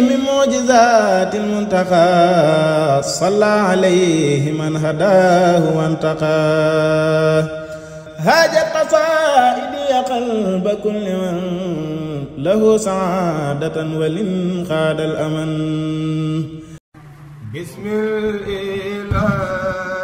من معجزات المنتقى صلى عليه من هداه وانتقى هاجت قصائدي قلب كل من له سعادة ولنقاد الأمن بسم الإله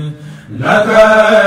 Ramadan